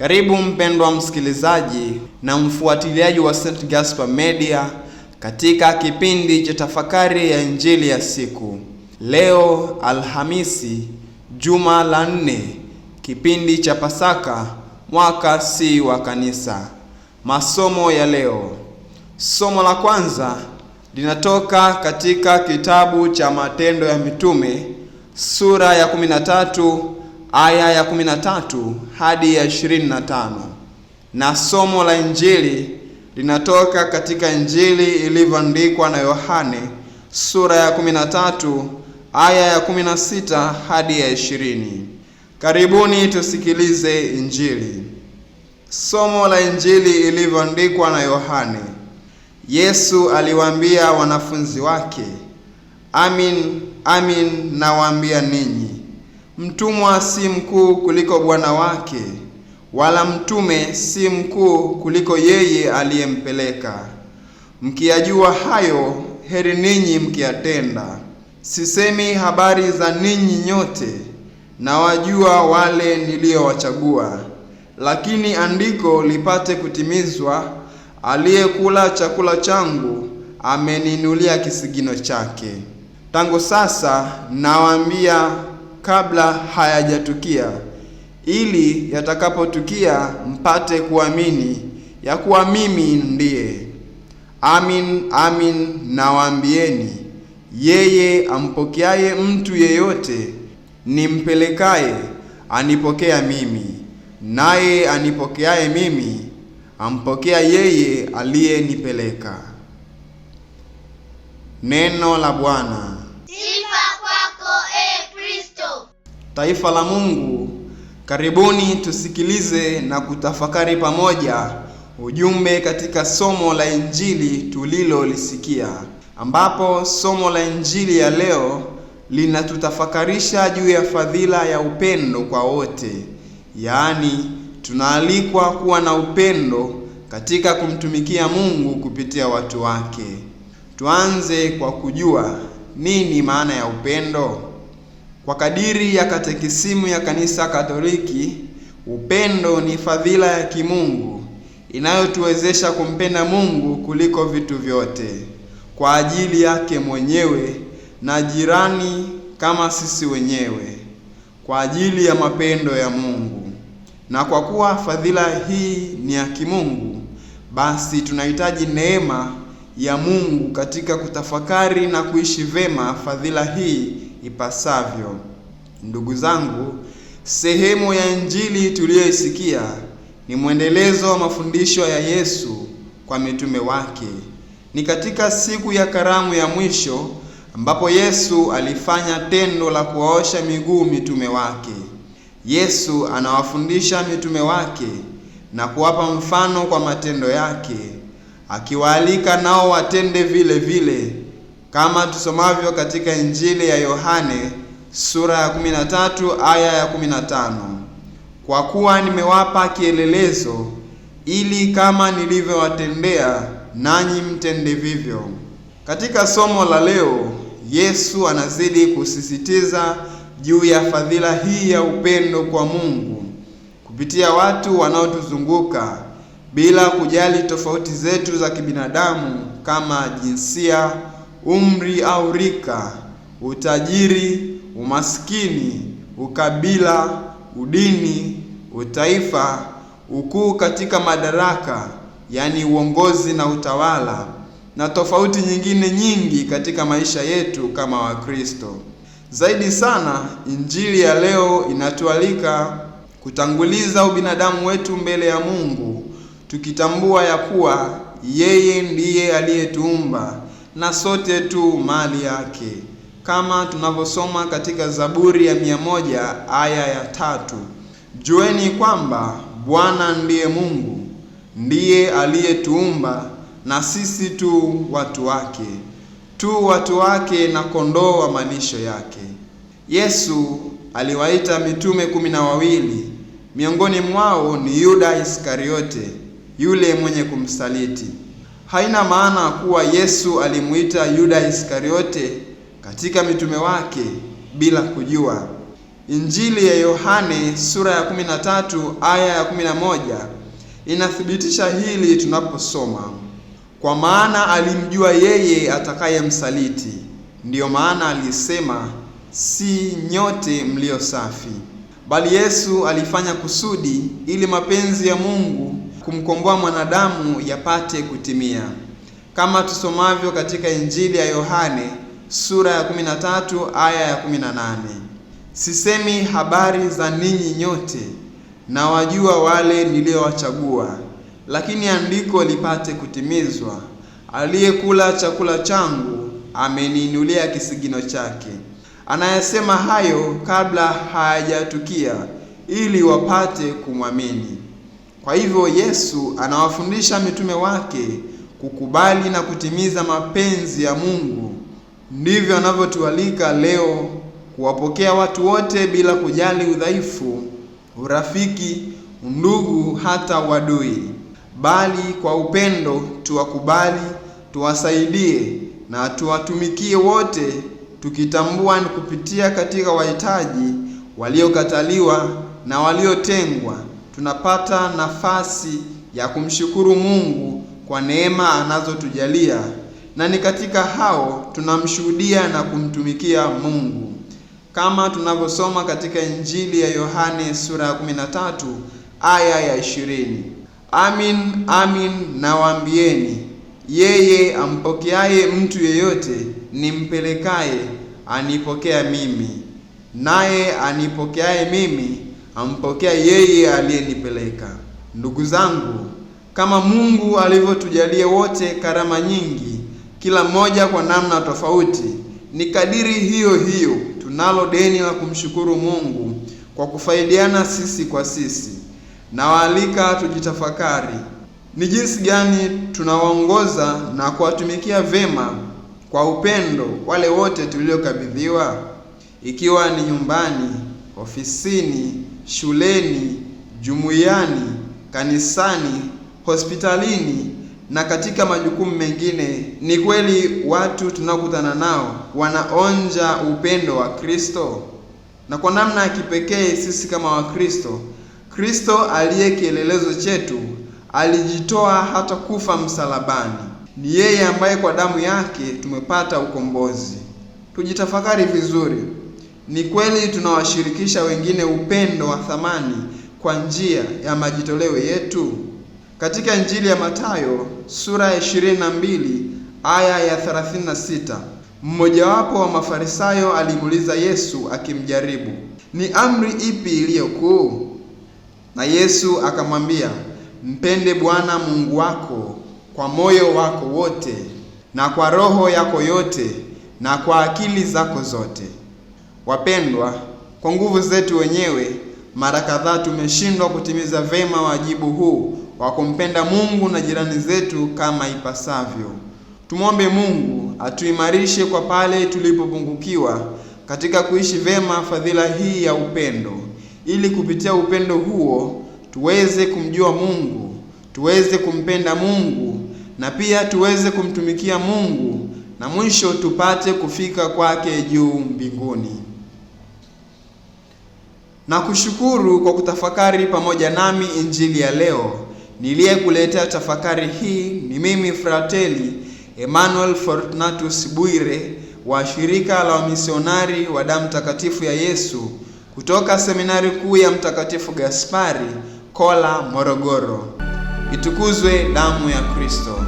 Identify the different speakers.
Speaker 1: Karibu mpendwa msikilizaji na mfuatiliaji wa St. Gaspar Media katika kipindi cha tafakari ya Injili ya siku. Leo Alhamisi, juma la nne, kipindi cha Pasaka, mwaka si wa Kanisa. Masomo ya leo. Somo la kwanza linatoka katika kitabu cha Matendo ya Mitume sura ya 13 aya ya 13 hadi ya 25, na somo la Injili linatoka katika Injili ilivyoandikwa na Yohane sura ya 13 aya ya 16 hadi ya 20. Karibuni tusikilize Injili. Somo la Injili ilivyoandikwa na Yohane. Yesu aliwaambia wanafunzi wake, amin, amin nawaambia ninyi Mtumwa si mkuu kuliko bwana wake, wala mtume si mkuu kuliko yeye aliyempeleka. Mkiyajua hayo, heri ninyi mkiyatenda. Sisemi habari za ninyi nyote, na wajua wale niliyowachagua, lakini andiko lipate kutimizwa, aliyekula chakula changu ameninulia kisigino chake. Tangu sasa nawaambia kabla hayajatukia, ili yatakapotukia mpate kuamini ya kuwa mimi ndiye. Amin, amin nawaambieni, yeye ampokeaye mtu yeyote nimpelekaye anipokea mimi, naye anipokeaye mimi ampokea yeye aliyenipeleka. Neno la Bwana.
Speaker 2: Taifa la Mungu, karibuni tusikilize na kutafakari pamoja ujumbe katika somo la Injili tulilolisikia, ambapo somo la Injili ya leo linatutafakarisha juu ya fadhila ya upendo kwa wote, yaani tunaalikwa kuwa na upendo katika kumtumikia Mungu kupitia watu wake. Tuanze kwa kujua nini maana ya upendo. Kwa kadiri ya Katekisimu ya Kanisa Katoliki, upendo ni fadhila ya kimungu inayotuwezesha kumpenda Mungu kuliko vitu vyote kwa ajili yake mwenyewe na jirani kama sisi wenyewe, kwa ajili ya mapendo ya Mungu. Na kwa kuwa fadhila hii ni ya kimungu, basi tunahitaji neema ya Mungu katika kutafakari na kuishi vema fadhila hii ipasavyo. Ndugu zangu, sehemu ya injili tuliyoisikia ni mwendelezo wa mafundisho ya Yesu kwa mitume wake. Ni katika siku ya karamu ya mwisho ambapo Yesu alifanya tendo la kuwaosha miguu mitume wake. Yesu anawafundisha mitume wake na kuwapa mfano kwa matendo yake, akiwaalika nao watende vile vile kama tusomavyo katika Injili ya Yohane sura ya 13 aya ya 15, kwa kuwa nimewapa kielelezo ili kama nilivyowatendea nanyi mtende vivyo. Katika somo la leo, Yesu anazidi kusisitiza juu ya fadhila hii ya upendo kwa Mungu kupitia watu wanaotuzunguka bila kujali tofauti zetu za kibinadamu kama jinsia umri au rika, utajiri, umaskini, ukabila, udini, utaifa, ukuu katika madaraka, yaani uongozi na utawala, na tofauti nyingine nyingi katika maisha yetu kama Wakristo. Zaidi sana, injili ya leo inatualika kutanguliza ubinadamu wetu mbele ya Mungu, tukitambua ya kuwa yeye ndiye aliyetuumba na sote tu mali yake, kama tunavyosoma katika Zaburi ya mia moja aya ya tatu jueni kwamba Bwana ndiye Mungu, ndiye aliyetuumba na sisi tu watu wake, tu watu wake na kondoo wa malisho yake. Yesu aliwaita mitume kumi na wawili, miongoni mwao ni Yuda Iskariote, yule mwenye kumsaliti haina maana kuwa Yesu alimuita Yuda Iskariote katika mitume wake bila kujua. Injili ya Yohane sura ya 13 aya ya 11 inathibitisha hili tunaposoma, kwa maana alimjua yeye atakayemsaliti, ndiyo maana alisema si nyote mlio safi. Bali Yesu alifanya kusudi ili mapenzi ya Mungu kumkomboa mwanadamu yapate kutimia, kama tusomavyo katika Injili ya Yohane sura ya 13 aya ya 18: sisemi habari za ninyi nyote, na wajua wale niliowachagua, lakini andiko lipate kutimizwa, aliyekula chakula changu ameniinulia kisigino chake. Anayesema hayo kabla hayajatukia, ili wapate kumwamini. Kwa hivyo Yesu anawafundisha mitume wake kukubali na kutimiza mapenzi ya Mungu. Ndivyo anavyotualika leo kuwapokea watu wote bila kujali udhaifu, urafiki, undugu, hata wadui, bali kwa upendo tuwakubali, tuwasaidie na tuwatumikie wote, tukitambua ni kupitia katika wahitaji, waliokataliwa na waliotengwa tunapata nafasi ya kumshukuru Mungu kwa neema anazotujalia na ni katika hao tunamshuhudia na kumtumikia Mungu kama tunavyosoma katika Injili ya Yohane sura ya 13 aya ya 20. Amin, amin nawaambieni, yeye ampokeaye mtu yeyote nimpelekaye anipokea mimi, naye anipokeaye mimi ampokea yeye aliyenipeleka. Ndugu zangu, kama Mungu alivyotujalia wote karama nyingi, kila mmoja kwa namna tofauti, ni kadiri hiyo hiyo tunalo deni la kumshukuru Mungu kwa kufaidiana sisi kwa sisi. Nawaalika tujitafakari ni jinsi gani tunawaongoza na kuwatumikia vema kwa upendo wale wote tuliokabidhiwa, ikiwa ni nyumbani, ofisini shuleni, jumuiyani, kanisani, hospitalini na katika majukumu mengine. Ni kweli watu tunaokutana nao wanaonja upendo wa Kristo? Na kwa namna ya kipekee sisi kama Wakristo, Kristo aliye kielelezo chetu alijitoa hata kufa msalabani. Ni yeye ambaye kwa damu yake tumepata ukombozi. Tujitafakari vizuri. Ni kweli tunawashirikisha wengine upendo wa thamani kwa njia ya majitoleo yetu? Katika Injili ya Mathayo sura ya 22 aya ya 36, mmojawapo wa Mafarisayo alimuuliza Yesu akimjaribu, ni amri ipi iliyo kuu? Na Yesu akamwambia, mpende Bwana Mungu wako kwa moyo wako wote na kwa roho yako yote na kwa akili zako zote. Wapendwa, kwa nguvu zetu wenyewe mara kadhaa tumeshindwa kutimiza vema wajibu huu wa kumpenda Mungu na jirani zetu kama ipasavyo. Tumwombe Mungu atuimarishe kwa pale tulipopungukiwa katika kuishi vema fadhila hii ya upendo, ili kupitia upendo huo tuweze kumjua Mungu, tuweze kumpenda Mungu na pia tuweze kumtumikia Mungu na mwisho tupate kufika kwake juu mbinguni na kushukuru kwa kutafakari pamoja nami injili ya leo. Niliyekuletea tafakari hii ni mimi frateli Emmanuel Fortunatus Bwire wa shirika la wamisionari wa damu takatifu ya Yesu kutoka seminari kuu ya Mtakatifu Gaspari Kola, Morogoro. Itukuzwe damu ya Kristo!